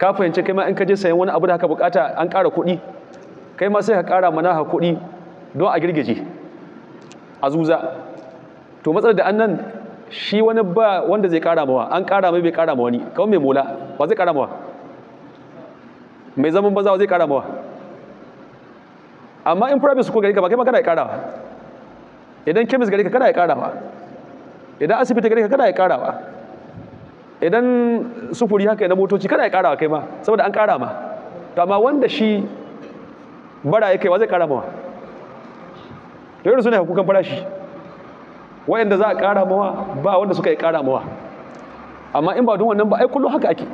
ka fahimci kai ma in ka je sayan wani abu da haka bukata an ƙara kuɗi kai ma sai ka ƙara mana ha kuɗi don a girgije a zuza to matsalar da annan shi wani ba wanda zai ƙara mawa an ƙara mai bai ƙara ma wani kawai mai mola ba zai ƙara mawa mai zaman banza zai ƙara mawa amma in private ko gari ka ba kai ma kana ya ƙara idan kemis gari ka kana ya ƙara idan asibiti gari ka kana ya ƙara idan sufuri haka na motoci kada ya kara kai ma saboda an kara ma to amma wanda shi bara ya kai wa zai kara mawa to yadda suna ne farashi wayanda za a kara mawa ba wanda suka yi kara mawa amma in ba don wannan ba ai kullum haka ake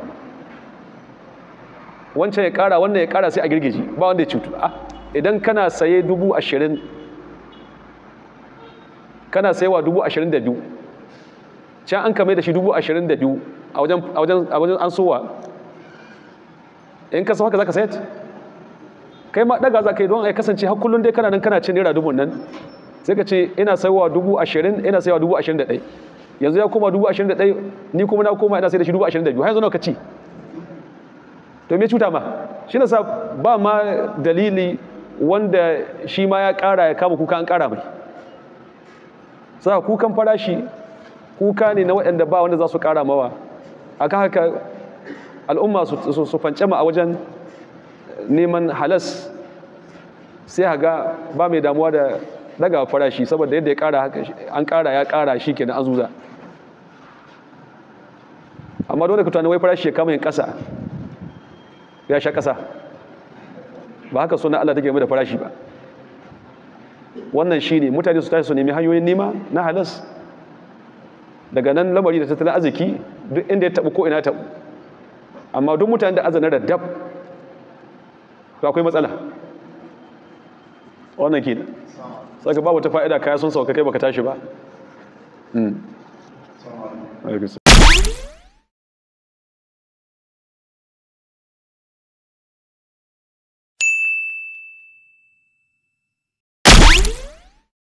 wancan ya kara wannan ya kara sai a girgije ba wanda ya cutu a ah, idan kana saye dubu ashirin kana sayewa dubu ashirin da biyu can an kame da shi dubu ashirin da biyu a wajen an suwa in ka haka za ka sayar kai ma daga za ka yi don a kasance har kullum dai kana nan kana cin naira dubun nan sai ka ce ina saiwa dubu ashirin ina saiwa dubu ashirin da ɗai yanzu ya koma dubu ashirin da ɗai ni kuma na koma ina sai da shi dubu ashirin da biyu har yanzu nawa ka ci to me cuta ma shi na sa ba ma dalili wanda shi ma ya ƙara ya kama kuka an ƙara mai sa kukan farashi kuka ne na waɗanda ba wanda za su ƙara mawa aka haka al'umma su fancama a wajen neman halas sai haga ba mai damuwa da daga farashi saboda yadda ya kara haka an kara ya kara shi ke na azuza amma dole kuta tunanin wai farashi ya kama yin kasa ya sha kasa ba haka suna Allah take mai da farashi ba wannan shi ne mutane su tashi su nemi hanyoyin nema na halas daga nan lamari da tattalin arziki duk inda ya taɓa ko ina amma duk mutanen da azana da dab to akwai matsala wannan ke saka babu ta fa'ida kaya sun sauka kai baka tashi ba hmm.